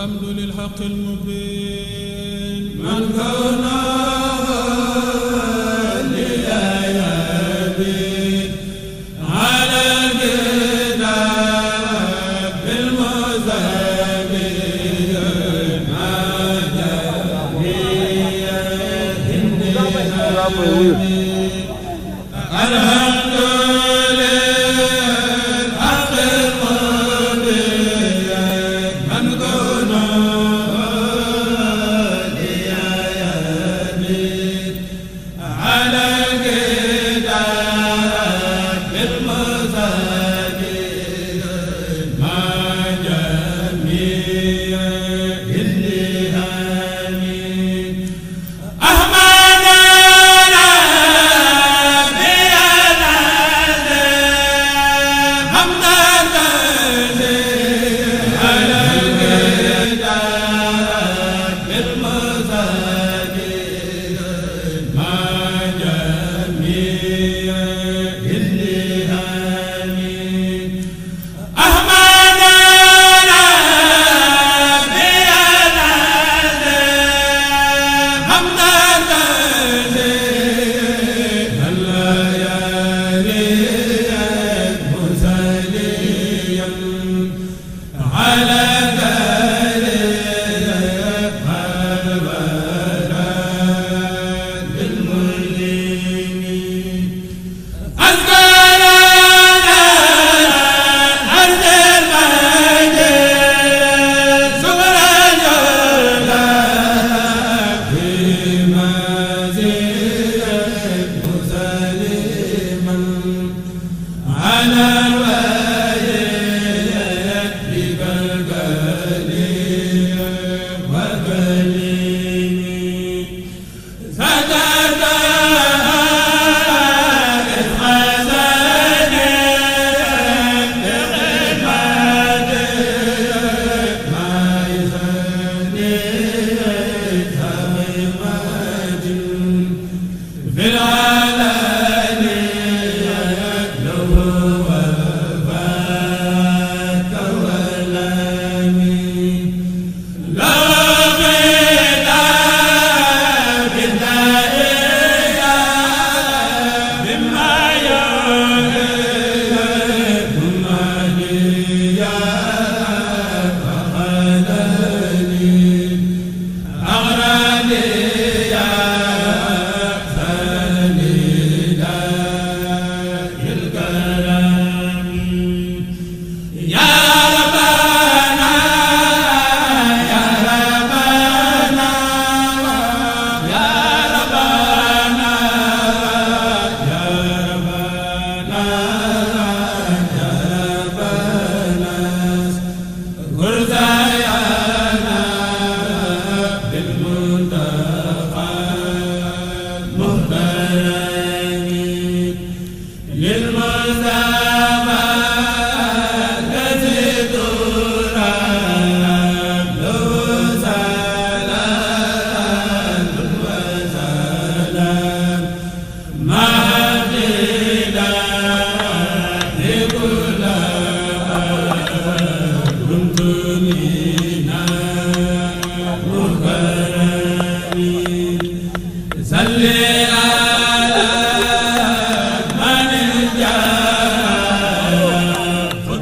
الحمد للحق المبين من كان هاديا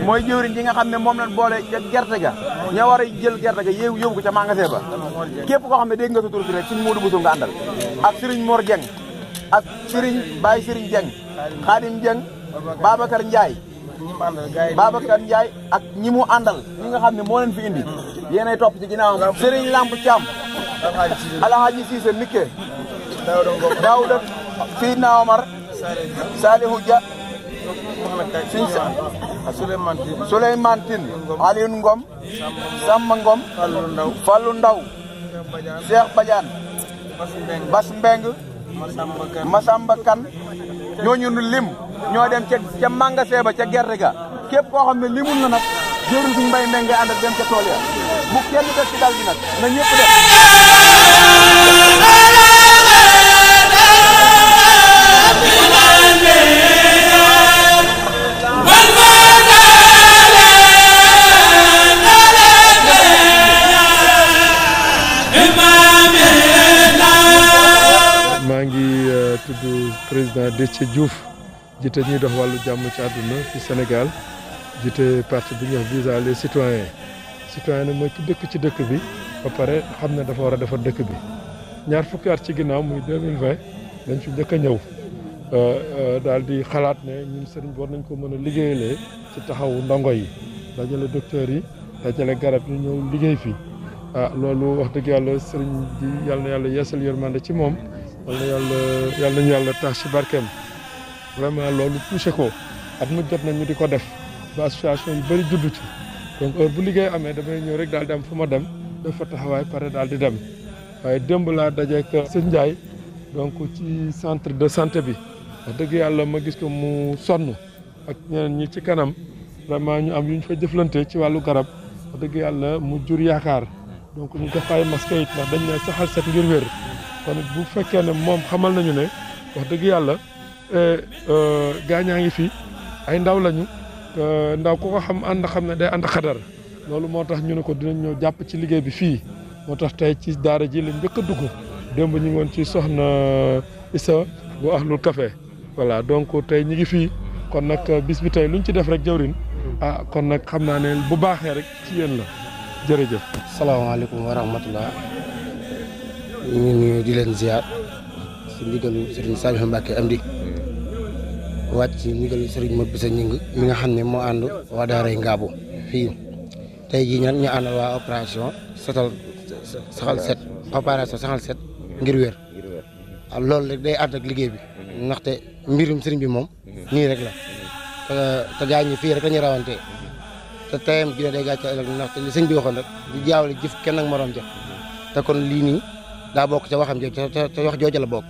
moy jëwriñ gi nga xam mom lañ boole ci gerté ga ña war jël gerté ga yew yew ko ci magasin ba képp ko xam dégg nga sa tur bi rek suñ Moodu Bousso nga andal ak Serigne Mor Dieng ak Serigne Baye Serigne Dieng Khadim Dieng babakar njay babakar njay ak ñimu andal ñi nga xam mo leen fi indi yéenay top ci ginnaawam Serigne lamb cham ala haji Cissé Mikke daw daw do do fi na Omar salihu Dia Souleymane Tine Souleymane Tine Alioune Ngom Samba Ngom Fallou Ndaw Fallou Ndaw Cheikh Badiane Bass Masamba Kan ñooñu lim ñoo dem ca ca mangase ca gerte ga képp koo xam ne limul na nag jëru mbay mbeng nga ànd dem ca tool ya bu kenn des ci nag na ñëpp def tudd président Déthié Diouf jiite ñuy dox wàllu jàmm ci àdduna ci Sénégal jiite parti bu ñuy visa les citoyens citoyen nag mooy ki dëkk ci dëkk bi ba pare xam na dafa war a defar dëkk bi ñaar fukki at ci ginnaaw muy 2020 dañ fi njëkk a ñëw euh, euh, daal di xalaat ne ñun sëriñ war nañ ko mën a liggéeyalee ci taxawu ndongo yi dajale docteurs yi dajale garab yi ñëw liggéey fii ah loolu wax dëgg yàlla sëriñ yàlla na yàlla yeesal yërmande ci moom wala yàlla yàlla nañu yàlla tax ci barkeem vraiment loolu touché ko at mu jot nañu di ko def ba association yu bëri juddu ci bu liggéey amee damay ñëw rek daal di fu ma dem def fa pare daal di dem waaye démb laa dajeek sëñ Ndiaye donc ci centre de santé bi wax dëgg yàlla ma gis ko mu sonn ak ñeneen ñi ci kanam vraiment ñu am yu ñu fa jëflante ci wàllu garab wax dëgg yàlla mu jur yaakaar donc ñu def ay masque dañu ndax dañ ne saxal set ngir wér kon bu fekkee ne moom xamal nañu ne wax dëgg yàlla eh, eh, gaañaa ngi fi ay ndaw lañu ndaw ku ko xam ànd xam ne day ànd xadar loolu moo tax ñu ne ko dinañ ñëw jàpp ci liggéey bi fii moo tax tey ci daara ji lañ njëkk a dugg démb ñu ci soxna isa bu ahlul café voilà donc tey ñi ngi fii kon nag bis bi tey luñ ci def rek jawrin ah kon nag xam naa ne bu baaxee rek ci yéen la jërëjëf salaamaaleykum wa rahmatullah ñu nuyu di leen ziar si ndigalu Serigne Saliou Mbacke am di wàcc si ndigalu Serigne Mabou Sa Ñing mi nga xam ne moo ànd anu, waa daaray Ngaabu fii tey jii nag ñu àndal waa opération oh. setal saxal set opération saxal set ngir wér loolu rek day ànd ak liggéey bi ndaxte mbirum sëriñ bi moom nii rek la te te gaa ñi fii rek la ñu rawantee te tayam gi day gàcce ëllëg ndaxte li sëñ bi waxoon rek di jaawale jëf kenn ak morom ja te kon lii nii da bok ci waxam jooju ci wax jojo la bok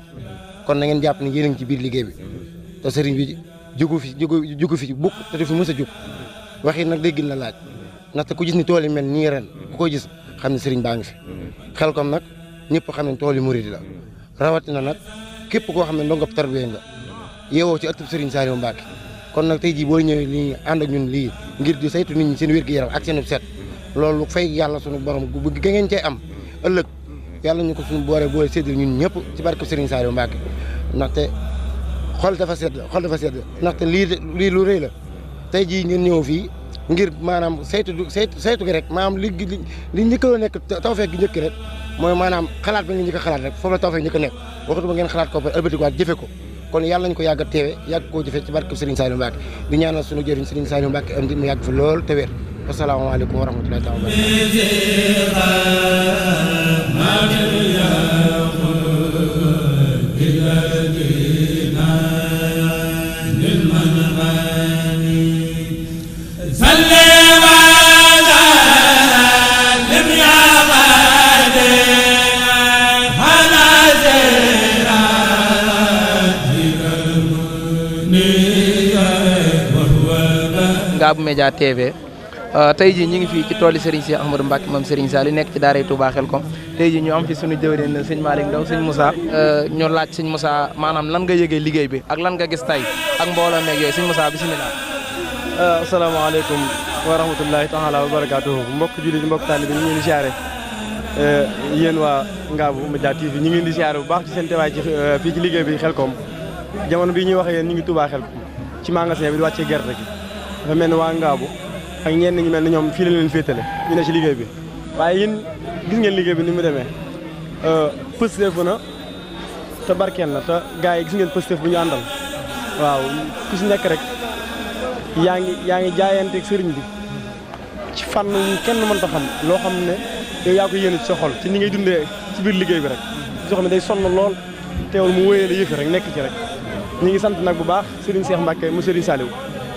kon na ngeen japp ni yeen ngi ci biir liggéey bi te serigne bi jogu fi jogu fi bukk te du musa juk waxi nak déggin la laaj nak ku gis ni tool mel ni ren ku ko gis xamni serigne sëriñ fi xel kom nak ñepp xamni ne mouride la rawati na nak kep ko xamni ndongob tarbe nga yewo ci ëttub sëriñ Saliou Mbacke kon nak tay ji bo ñëwee ni and ak ñun li ngir di saytu nit ñi seen wér-gu-yaram ak seen set lolou fay yalla suñu borom bu ngeen ci am ëlëk yàlla ñu ko suñu booree boole séddale ñun ñëpp ci barke Serigne Saliou Mbacke ndaxte xol dafa sedd xol dafa sedd ndaxte lii lii lu rëy la tey jii ngeen ñëw fii ngir maanaam saytu saytu saytu gi rek maanaam li li njëkkaloo nekk tawfeex gi njëkk rek mooy maanaam xalaat ba nga njëkk a xalaat rek foofu la a nekk waxatuma ngeen xalaat ko ba ëlbatikuwaat jëfe ko kon koo jëfe ci barke Serigne Saliou Mbacke di ñaanal suñu jëriñ Serigne Saliou Mbacke am di mu yàgg fi lool te wér असलकम वरहमल गाँव में जाते हुए Euh, tey ji ñu ngi fii ci tooli Serigne Cheikh Ahmadou Mbacke moom Serigne Saliou nekk ci daaray Touba Xelkom tey ji ñu am fi suñu jëwriñ sëñ Malick Ndaw sëñ Moussa euh, ñu laaj sëñ Moussa maanaam lan nga yëgee liggéey bi ak lan nga gis tey ak mbooloo meeg yooyu sëñ Moussa bisimilah euh, asalaamaaleykum wa rahmatullahi taala wa barakatuhu mbokk jullit mbokk taalibe ñu ngi leen di siyaare yen waa Ngabou Média TV ñu ngi leen di siyaare bu baax ci seen teewaay ci fii ci liggéey bi Xelkom jamono bi ñuy waxee yéen ñu ngi Touba ci magasin bi di wàccee gerte gi mel ne waa Ngabou ak ñenn ñu mel ni ñoom fii la leen féetale ñu ne ci liggéey bi waaye yéen gis ngeen liggéey bi ni mu demee euh, pësteefu na te barkeel na te gars yi gis ngeen pësteef bu ñu àndal waaw ku si nekk rek yaa ngi yaa ngi jaayanteeg sëriñ bi ci fànn ñu kenn mënta xam loo xam ne yow yaa ko yéene ci sa ci ni ngay dundee ci biir liggéey bi rek soo xam ne day sonn lool teewul mu wóyee la yëfi rek nekk ci rek ñu ngi sant nag bu baax sëriñ Cheikh Mbacke mu sëriñ Saliou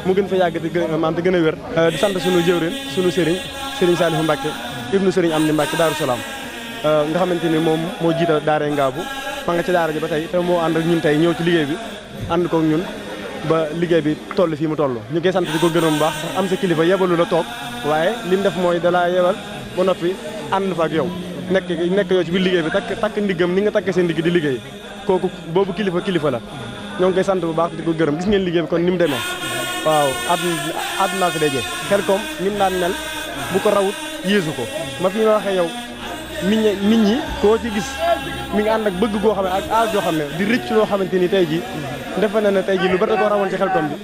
mu gën fa yàgg di gën maam di gën a wér euh, di sant sunu jëwrin sunu sëriñ sëriñ Saalihu Mbàkke ibnu sëriñ Amdi Mbàkke Daaru Salaam euh, nga xamante ni moom moo jiital daaree Ngaabu ma nga ci daara ji ba tey te moo ànd ak ñun tey ñëw ci liggéey bi ànd kook ñun ba liggéey bi toll fii mu toll ñu koy sant di ko gërëm bu baax am sa kilifa yebalu la toog waaye li mu def mooy dalaa yebal ba noppi ànd fa ak yow nekk nekk yow ci biir liggéey bi takk takk ndiggam ni nga takk ndigg di liggéey ñoo ngi sant bu baax di gërëm gis ngeen kon ni mu demee waaw àdduna àdduna ko dajee xel koom nim daan mel bu ko rawut yéesu ko ma fi ma waxee yow nit nit ñi koo ci gis mi ngi ànd ak bëgg goo xam ne ak aas yoo xam ne di rëcc loo xamante ni tey ji defe na ne te ji lu bari da koo rawoon ci xel koom bi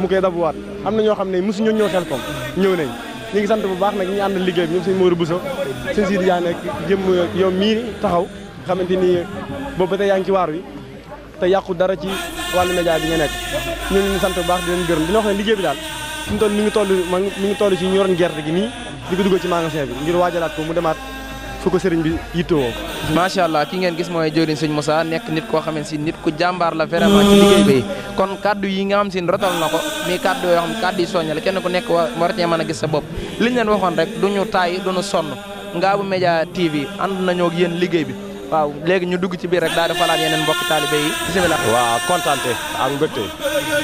mu koy dabuwaat am na ñoo xam ne mosu ñoo ñëw xel koom ñëw nañ ñu ngi sant bu baax nag ñi ànd liggéey bi ñoom sëñ Modou Bousso sëñ Sidi Diagne ak jëm yow mii taxaw xamante ni boobu ba tey yaa ngi te yàqu dara ci walu média bi nga nek ñu ñu sant bu baax di leen gërëm dina wax ne liggéey bi daal ñu tollu ñu tollu ngi mi ngi tollu ci ñu ñoroon gerte gi ni di ko duggal ci magasin bi ngir wajalat ko mu demaat fu ko sëriñ bi ma sha allah ki ngeen gis moy jëwriñ sëñ Moussa nek nit ko xamante ci nit ku jambar la vraiment ci liggéey bi kon kaddu yi nga am si rotal nako mi kaddu yo xam kaddu soñal kenn ku nek war cee mën a gis sa bop liñ leen waxon rek duñu tay duñu son ngaabu media TV and nañu ak yeen liggéey bi waaw léegi ñu dugg ci biir rek daal dafa laal yeneen mbokki taalibe yi bisimilah waaw kontante ak ngëtte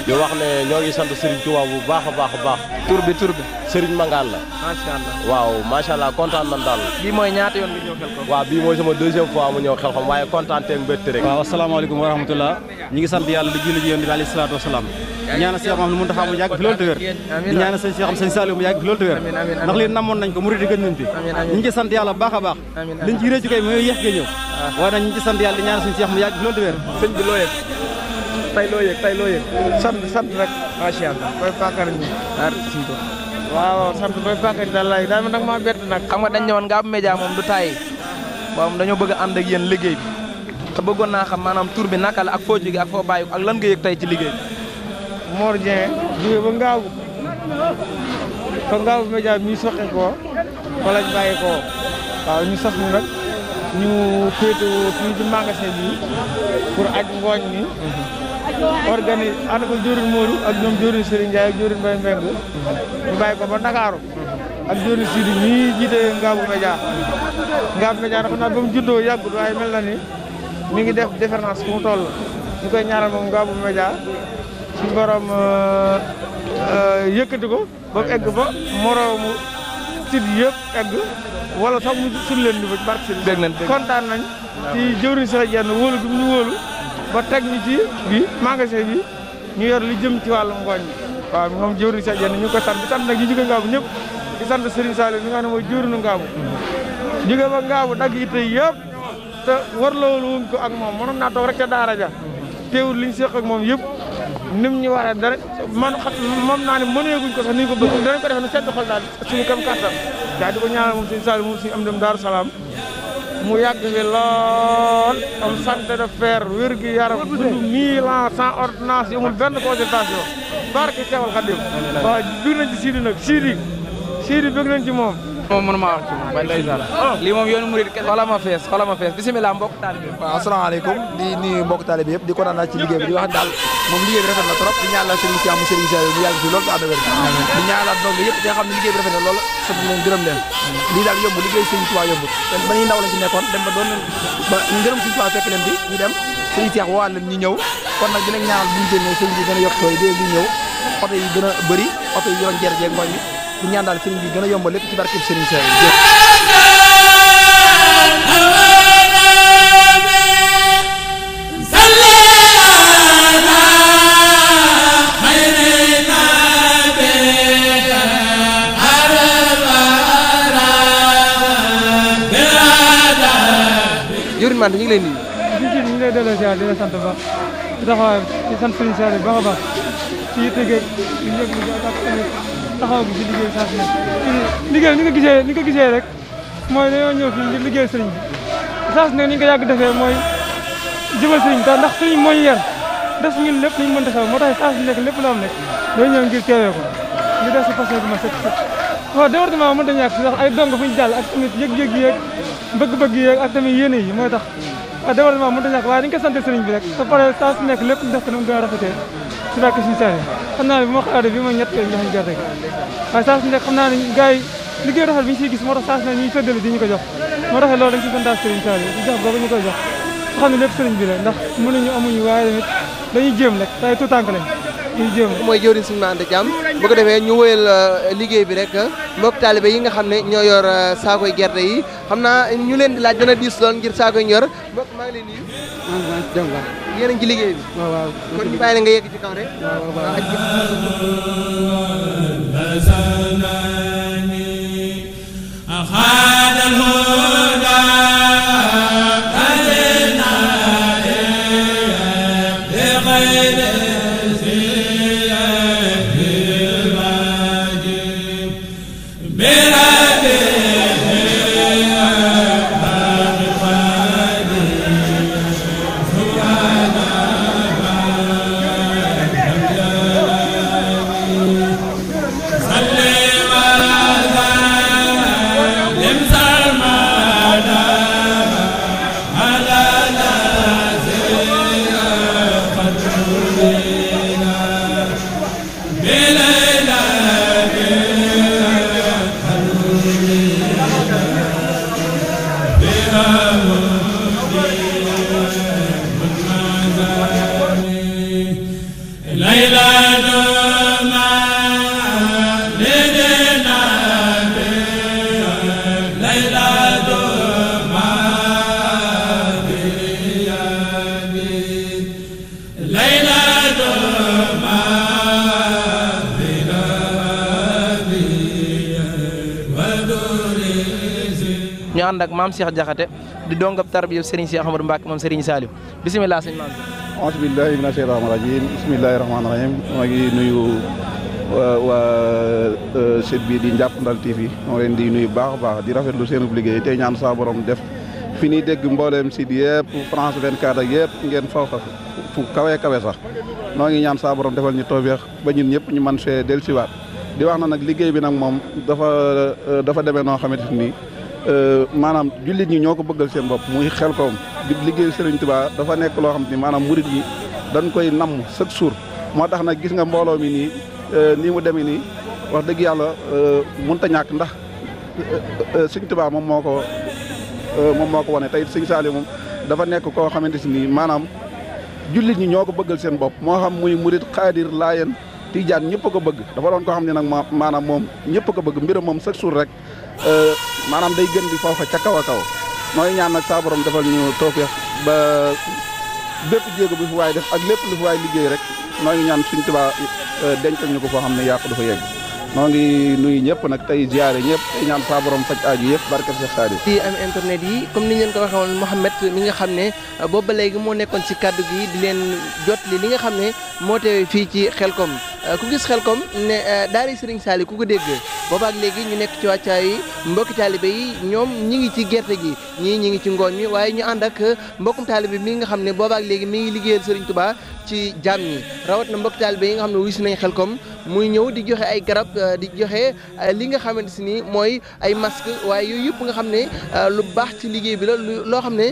di wax ne ñoo ngi sant Serigne Touba bu baax a baax a baax tur bi tur bi Serigne Mangane la macha allah waaw macha allah kontaan nan daal bii mooy ñaata yoon bi ñëw xel ko waaw bii mooy sama deuxième fois mu ñëw xel xam waaye kontante ak ngëtte rek waaw asalaamaaleykum wa rahmatullah ñi ngi sant yàlla di julli ji yonent bi alayhi salaatu wasalaam ñaana Cheikh Mahamadou Mountakha mu yàgg fi loolu te wér di ñaana sëñ xam sëñ Saliou mu yàgg fi loolu te ndax lii namoon nañ ko murid gën nañ fi ñu ngi sant yàlla baax a baax liñ ci réccu kay mooy yéex ga ñëw waaye nag ñu ci sant yàlla di ñaan suñu seex mu yàgg loolu loo yëg tey loo tey loo yëg sant sant rek macha allah koy fàkkar ñi ar suñ ko waaw sant koy fàkkar ñi daal laay daal ma nag nag xam nga dañ ne woon nga am média moom du tàyyi waaw dañoo bëgg a ànd ak yéen liggéey bi te bëggoon naa xam maanaam tur bi naka la ak foo jóge ak foo ak lan nga yëg tey ci liggéey bi Mor Dieng jóge ba ngaagu fa ngaagu média mi soqe koo fa lañ bàyyi waaw ñu sos ñu nag ñu fétu fi ci magasin bi pour aj ngooñ ni organise ana ko jërin Modou ak ñom jërin Serigne jaay ak jërin Mbaye Mbeng ñu bay ko ba Ndakaaru ak jërin Sidi ñii jité Ngaabu media Ngaabu media dafa na ba mu juddoo yàggut waaye mel na ni mi ngi def différence ku mu toll ñu koy ñaaral moom Ngaabu media ci borom euh, euh yëkëti ko ba egg ba moroomu sid yëpp egg wala sax mu suñ leen di barke seen dégg nañ kontaan nañ ci jëwriñ sax jenn wóolu bi mu ñu wóolu ba teg ñu ci bi magasin bi ñu yor li jëm ci wàllum ngooñ bi waaw moom jëwriñ sax ni ñu ngi ko sant sant nag ñu jóge ngaabu ñëpp di sant Serigne Saliou mi nga xam ne mooy jëwriñu ngaabu jóge ba ngaabu dagg yitte yëpp te warloolu wuñ ko ak moom mënoon naa toog rek ca daara ja teewul li ñu séq ak moom yëpp nim ñu waree dara man xam moom naa ne mëneeguñ ko sax ni ñu ko bëgg danañ ko defe nu sedd xol daal suñu kam kàttan daal ko ñaanal moom suñu sall moom suñu am dem daaru salaam mu yàgg fi lool am santé de fer wér gi yaram dund mille ans sans ordonnance amul benn consultation barke Seexul Xadim waaw biir nañ ci Sidi nag Sidi Sidi bëgg nañ moom moom mënuma wax ci moom bañ murid xoola ma fees xoola ma fees bisimilah mbokk taalibe waaw asalaamaaleykum di nuyu mbokk taalibe yëpp di ko naan ci liggéey bi di wax daal moom liggéey bi rafet na trop di ñaanal sëriñ si am sëriñ si mu yàgg si loolu ta ànd wér di ñaanalaat donc yëpp nga xam ne liggéey bi rafet na loolu sant leen gërëm leen lii daal yomb liggéey sëriñ Tuubaa yomb ba ñuy ndaw lañ ci nekkoon dem ba doon ba ngërëm sëriñ Tuubaa fekk leen bi ñu dem sëriñ Seex woo leen ñu ñëw kon nag dinañ ñaanal bu ñu génnee bi gën yokk tooy dee ñu ñëw yi gën a bëri yi yoon jerjeeg ngooñ bi di ñaan daal sëriñ bi gën a yombal lépp ci barkeb sëriñ Saliou jërëjëf Mate ñu ngi lay nuyu. ñu ngi lay delloo ziar di la sant baax di taxawaay di sant Serigne Saliou baax a baax ci yitte gi ñu yëg ñu ak taxaw gi si liggéey saa su nekk liggéey ni nga gisee ni nga gisee rek mooy dañoo ñëw fii liggéey sëriñ bi saa su nekk ni nga yàgg defee mooy jëmal sëriñ ta ndax sëriñ mooy yar def ñun lépp liñ mën defe moo tax saa su nekk lépp la am nekk dañu ñëw ngir teewee ko ñu def si fas bu ma sëkk sëkk waaw département mën ta ñàkk si ndax ay dong fu ñu jàll ak tamit yëg-yëg yeeg bëgg-bëgg yeeg ak tamit yéene yi mooy tax waaw développement mënut a ñàkk waaye dañ ko sant sëriñ bi rek pare saa nekk lépp def ko nu mu gën a rafetee si bàkk suñu saare xam naa ne bu ma bi mooy ñett lañ joxe gerte gi nekk xam naa ne gars liggéey rafet bi ñu siy gis moo tax saa su ne ñuy séddale di ñu ko jox moo taxee loolu dañ si di jox boobu ñu koy jox nga xam ne lépp sëriñ bi ndax mënuñu amuñu waaye tamit dañuy jéem rek waaye tout tànk lañ ñuy jéem mooy bu ko defee ñu wëyal liggéey bi rek mbokk taalibe yi nga xam ne ñoo yor saakoy gerte yi xam naa ñu leen di laaj dana diis lool ngir saakoy ñor mbokk maa ngi leen nuyu. yéen a ngi ci liggéey bi. waaw waaw kon ñu bàyyi la nga yegg ci kaw rek. waaw waaw. maam Cheikh jaxate di dongab tarbiya Serigne Cheikh Ahmadou mbak moom Serigne salim bismillah serigne mam A'udhu billahi minash shaitanir rajim bismillahir rahmanir rahim ma ngi nuyu wa cheikh bi di Ndiap Ndal TV mo len di nuyu bax bax di rafetlu sen liggéey tey ñaan sa borom def fini deg mbollem mboolem si France 24 ak yëpp ngeen fofa fu kawé kawé sax noo ngi ñaan sa borom defal ñu toobeex ba ñun ñëpp ñu man fee del ci wat di wax na nak liggéey bi nak mom dafa euh, dafa démé no xamé ni Euh, maanaam jullit ñi ñoo ko bëggal seen bopp muy xel koom di liggéey Serigne tubaa dafa nekk loo xam ne maanaam murit yi dañ koy namm chaque jour moo tax na gis nga mbooloo mi nii euh, nii mu demee nii wax dëgg yàlla euh, mënta ñàkk ndax Serigne Touba moom moo ko moom moo ko wane tey Serigne Saliou moom dafa nekk koo xamante si nii maanaam jullit ñi ñoo ko bëggal seen bopp moo xam muy murit xaadir laayeen tijaan ñëpp ko bëgg dafa doon koo xam ne nag maanaam moom ñëpp bëgg mbiram moom chaque jour rek Euh, maanaam day gën di foofa ca kaw a kaw nooy ñaan nag saa borom defal ñu tawfeex ba bépp jéego bu fu waay def ak lépp lu fu waay liggéey rek nooy ñaan suñ Tuubaa euh, dencal ñu ko foo xam ne yàqu dafa yegg noo ngi nuyu ñëpp nag tey ziare ñëpp tey ñaan saa borom faj aaju yëpp barke Cheikh Saliou. di am internet yi comme ni ngeen ko waxee woon Mouhamed mi nga xam ne euh, boobu ba léegi moo nekkoon si kàddu gi di leen jot li li nga xam ne moo teewee fii ci xelkom ku gis xelkom ne daari Serigne Saliou ku ko dégg. boobaak léegi ñu nekk ci wàccaa yi mbokki taalibe yi ñoom ñi ngi ci gerte gi ñii ñi ngi ci ngooñ mi waaye ñu ànd ak mbokkum taalibe mi nga xam ne boobaak léegi mi ngi liggéeyal Serigne Touba ci jaam ñi rawat na mbokki taalibe yi nga xam ne wuy si nañ xel Xelcom muy ñëw di joxe ay garab euh, di joxe euh, li nga xamante si ni mooy ay masque waaye yooyu yëpp nga xam ne euh, lu baax ci liggéey bi la loo xam ne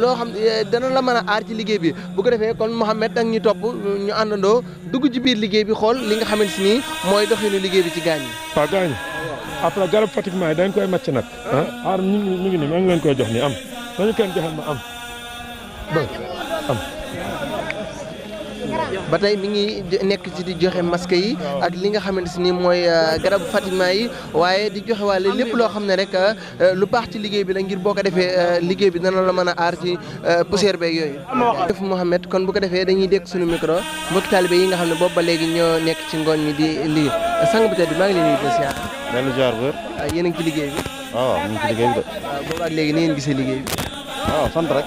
loo xam dana la mën a aar ci liggéey bi bu ko defee kon Mouhamed ak ñu topp ñu àndandoo dugg ci biir liggéey bi xool li nga xamante ni mooy doxinu liggéey bi ci yi dégg après garab pratiquement yi dañ koy màcc nag. ah xaaral ñu ngi ñu ngi nii maa ngi leen koy jox nii am nañu kenn joxe ma am. am. ba tey mi ngi nekk ci di joxe masque yi ak li nga xamante ni mooy euh, garabu Fatima yi waaye di joxe waale lépp loo xam ne rek euh, euh, lu paax ci liggéey bi la ngir boo ko defee liggéey bi dana la mën a aar ci poussière beeg yooyu. jërëjëf Mouhamed kon bu ko defee dañuy dégg suñu micro mbokk taalibe yi nga xam ne boobu ba léegi ñoo nekk ci ngoon ñi di lii sang bi tey maa ngi leen di ziar. Ah, yéen a ci liggéey bi. Ah, ah, léegi ni gisee liggéey bi. waaw sant rek.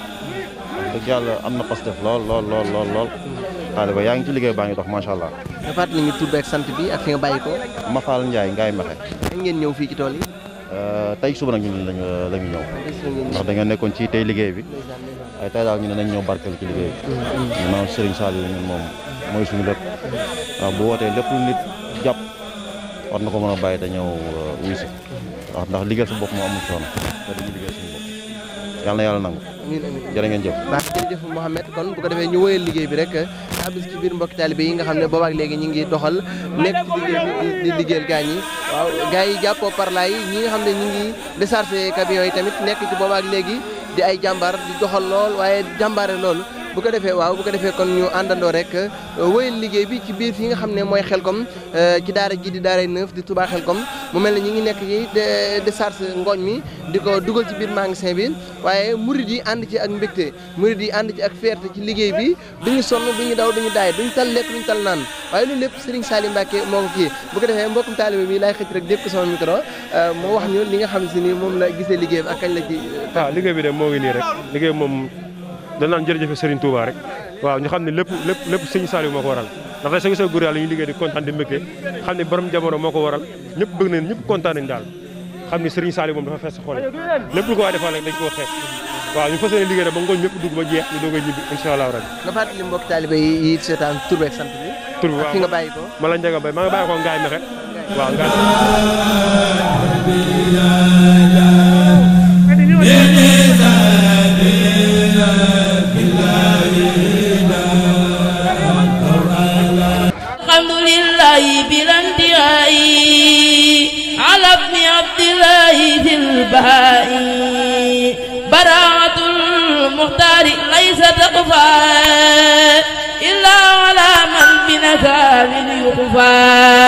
dëgg yàlla am na pastef lool lool lool lool lool daanaka yaa ngi ci liggéey baa ngi dox macha allah. nga fàttali ñu tur beeg sant bi ak fi nga bàyyi ko. Mafal Ndiaye Ngaye Mexe. kañ ngeen ñëw fii ci tool yi. Euh, tey suba nag ñun lañu la ñu ñëw. ndax dañoo nekkoon ci tey liggéey bi. tey daal ñu ne nañ ñëw barkeel ci liggéey bi. Mm, mm. maanaam Serigne Saliou moom mooy suñu lépp. waaw bu wootee lépp lu nit jàpp war na ko mën a bàyyi te ñëw euh, wuyu mm. ndax liggéey su bopp moo amul sonn te dañuy yàlla na yàlla nangu amiin amiin jërë ngeen jëf baax jërëjëf Mouhamed kon bu ko defee ñu wëyal liggéey bi rek abis ci biir mbokki taalibe yi nga xam ne boobaak léegi ñu ngi doxal nekk ci liggéey bi di liggéeyal gaa ñi yi jàppoo parla yi nga xam ne ñu ngi décharger camion yi tamit nekk ci boobaak léegi di ay jàmbaar di doxal lool waaye jàmbaare lool bu ko defee waaw bu ko defee kon ñu àndandoo rek uh, wéyal liggéey bi ci biir fi nga xam ne mooy xel xelkom uh, ci daara ji di daaray neuf di Touba xelkom mu mel ne ñu ngi nekk ci décharge ngooñ mi di ko dugal ci biir magasin bi waaye murid yi ànd ci ak mbégte murid yi ànd ci ak fierté ci liggéey bi duñu sonn duñu daw duñu daay duñu tal lekk duñu tal naan waaye loolu lépp Serigne Saliou Mbacké moo ko kii bu ko defee mbokkum taalibe bi laay xëcc rek dépp ko sama micro uh, mu wax ñu li nga xam si ni moom la gisee liggéey ak kañ la ci ah, liggéey bi de moo ngi nii rek liggéey moom dañ naan jërëjëf Serigne Touba rek waaw ñu xamni lepp lepp lepp Serigne sëñ mako waral da fay sëgg sëgg góor yàlla ñu liggéey di contane di mbëkkee xamni borom jamono mako waral ñëpp bëgg nañ ñëpp contane nañ dal xamni Serigne Saliou moom dafa fess xol lepp lu ko ada defal rek dañ ko xeeb waaw ñu fassé liggéey rek ba ngoñ ñëpp dugg ba jeex ñu doog a inshallah incha allah rabbi nga fàttali mbokk talibé yi yi seetaan tur sant bi tur bi waaw nga bàyyi ko ma la njaga bay ma nga bàyyi ko ngaay mexe waaw ngaay بهائي براعة المختار ليس تقفى إلا على من بنكامل يخفى